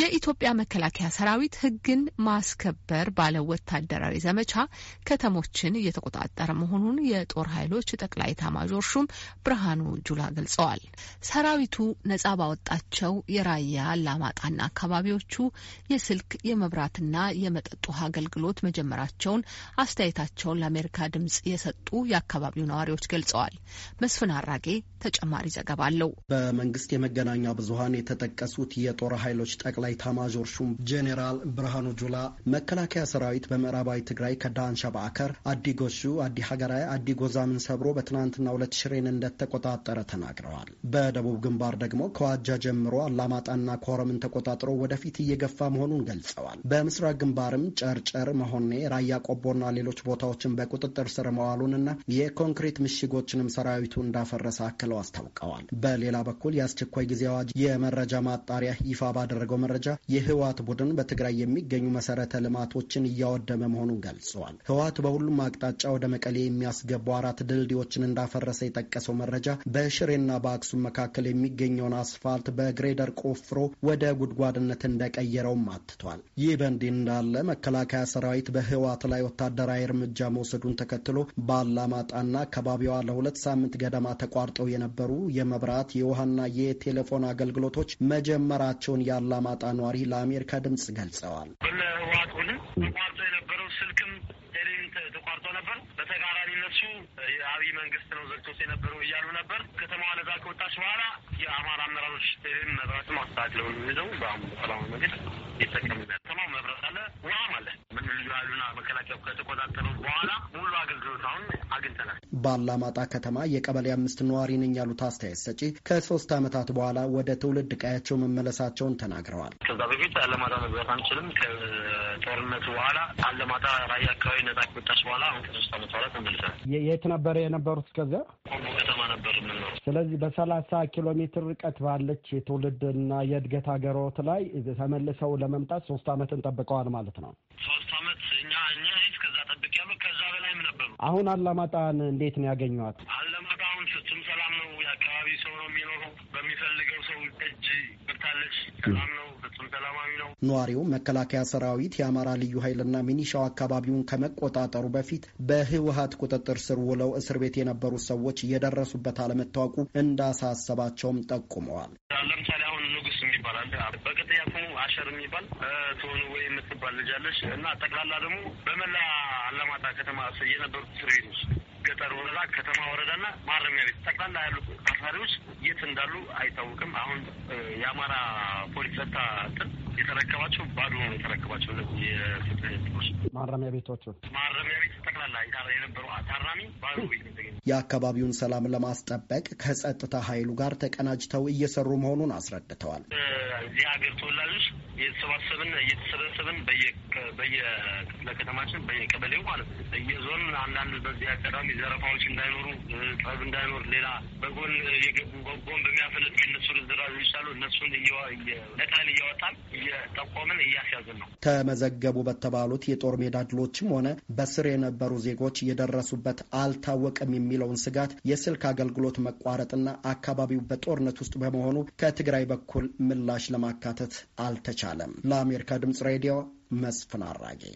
የኢትዮጵያ መከላከያ ሰራዊት ሕግን ማስከበር ባለ ወታደራዊ ዘመቻ ከተሞችን እየተቆጣጠረ መሆኑን የጦር ኃይሎች ጠቅላይ ታማዦር ሹም ብርሃኑ ጁላ ገልጸዋል። ሰራዊቱ ነጻ ባወጣቸው የራያ አላማጣና አካባቢዎቹ የስልክ የመብራትና የመጠጥ ውሃ አገልግሎት መጀመራቸውን አስተያየታቸውን ለአሜሪካ ድምጽ የሰጡ የአካባቢው ነዋሪዎች ገልጸዋል። መስፍን አራጌ ተጨማሪ ዘገባ አለው። በመንግስት የመገናኛ ብዙሀን የተጠቀሱት የጦር ኃይሎች ጠቅላይ ጠቅላይ ታማዦር ሹም ጄኔራል ብርሃኑ ጁላ መከላከያ ሰራዊት በምዕራባዊ ትግራይ ከዳንሻ በአከር አዲ ጎሹ አዲ ሀገራዊ አዲ ጎዛምን ሰብሮ በትናንትና ሁለት ሽሬን እንደተቆጣጠረ ተናግረዋል። በደቡብ ግንባር ደግሞ ከዋጃ ጀምሮ አላማጣና ኮረምን ተቆጣጥሮ ወደፊት እየገፋ መሆኑን ገልጸዋል። በምስራቅ ግንባርም ጨርጨር፣ መሆኔ፣ ራያ ቆቦና ሌሎች ቦታዎችን በቁጥጥር ስር መዋሉንና የኮንክሪት ምሽጎችንም ሰራዊቱ እንዳፈረሰ አክለው አስታውቀዋል። በሌላ በኩል የአስቸኳይ ጊዜ አዋጅ የመረጃ ማጣሪያ ይፋ ባደረገው መረጃ የህወሀት ቡድን በትግራይ የሚገኙ መሰረተ ልማቶችን እያወደመ መሆኑን ገልጸዋል። ህወሀት በሁሉም አቅጣጫ ወደ መቀሌ የሚያስገቡ አራት ድልድዮችን እንዳፈረሰ የጠቀሰው መረጃ በሽሬና በአክሱም መካከል የሚገኘውን አስፋልት በግሬደር ቆፍሮ ወደ ጉድጓድነት እንደቀየረውም አትቷል። ይህ በእንዲህ እንዳለ መከላከያ ሰራዊት በህወሀት ላይ ወታደራዊ እርምጃ መውሰዱን ተከትሎ በአላማጣና አካባቢዋ ለሁለት ሳምንት ገደማ ተቋርጠው የነበሩ የመብራት የውሃና የቴሌፎን አገልግሎቶች መጀመራቸውን ያላማጣ የአላማጣ ነዋሪ ለአሜሪካ ድምፅ ገልጸዋል። ህወሓት የአብይ መንግስት ነው ዘግቶ የነበረው እያሉ ነበር። ከተማዋ ነዛ ከወጣች በኋላ የአማራ አመራሮች ቴሌን መብራት አስተካክለው ይዘው በአሁኑ ሰላማዊ መንገድ ይጠቀሙ ተከታትለናል። በአላማጣ ከተማ የቀበሌ አምስት ነዋሪ ነኝ ያሉት አስተያየት ሰጪ ከሶስት ዓመታት በኋላ ወደ ትውልድ ቀያቸው መመለሳቸውን ተናግረዋል። ከዛ በፊት አለማጣ መግባት አንችልም። ከጦርነቱ በኋላ አለማጣ ራያ አካባቢ ነጻ ከወጣች በኋላ አሁን ከሶስት ዓመት በኋላ ተመልሰናል። የት ነበረ የነበሩት? ከዚያ ቆቦ ከተማ ነበር የምንኖሩ። ስለዚህ በሰላሳ ኪሎ ሜትር ርቀት ባለች የትውልድ የትውልድና የእድገት ሀገሮት ላይ ተመልሰው ለመምጣት ሶስት ዓመትን ጠብቀዋል ማለት ነው። ሶስት ዓመት አሁን አላማጣን እንዴት ነው ያገኘዋት? አላማጣ አሁን ፍጹም ሰላም ነው። የአካባቢ ሰው ነው የሚኖረው። በሚፈልገው ሰው እጅ ብታለች ሰላም ነው። ነዋሪው መከላከያ ሰራዊት የአማራ ልዩ ኃይልና ሚኒሻው አካባቢውን ከመቆጣጠሩ በፊት በህወሀት ቁጥጥር ስር ውለው እስር ቤት የነበሩ ሰዎች እየደረሱበት አለመታወቁ እንዳሳሰባቸውም ጠቁመዋል። ለምሳሌ አሁን ንጉስ የሚባል አለ። በቅጥያ አሸር የሚባል ትሆኑ ወይ የምትባል ልጃለች እና ጠቅላላ ደግሞ በመላ አላማጣ ከተማ የነበሩት እስር ቤቶች ገጠር ወረዳ፣ ከተማ ወረዳና ማረሚያ ቤት ጠቅላላ ያሉ ታሳሪዎች የት እንዳሉ አይታወቅም። አሁን የአማራ ፖሊስ ጸጥታ የተረከባቸው ባዶ ነው የተረከባቸው። የፍትህ ቤቶች ማረሚያ ቤቶቹ ማረሚያ ቤት ጠቅላላ የነበሩ ታራሚ ባዶ ቤት የተገኘ የአካባቢውን ሰላም ለማስጠበቅ ከጸጥታ ኃይሉ ጋር ተቀናጅተው እየሰሩ መሆኑን አስረድተዋል። እዚህ ሀገር ተወላጆች እየተሰባሰብን እየተሰበሰብን በየክፍለ ከተማችን በየቀበሌው ማለት ነው እየዞ ግን አንዳንድ በዚህ አጋጣሚ ዘረፋዎች እንዳይኖሩ፣ ጠብ እንዳይኖር፣ ሌላ በጎን የገቡ በጎን በሚያፈለጥ የነሱ ርዝራዦች ይቻሉ እነሱን ነጥለን እያወጣን እየጠቆምን እያስያዝን ነው። ተመዘገቡ በተባሉት የጦር ሜዳ ድሎችም ሆነ በስር የነበሩ ዜጎች የደረሱበት አልታወቀም የሚለውን ስጋት የስልክ አገልግሎት መቋረጥና አካባቢው በጦርነት ውስጥ በመሆኑ ከትግራይ በኩል ምላሽ ለማካተት አልተቻለም። ለአሜሪካ ድምጽ ሬዲዮ መስፍን አራጌ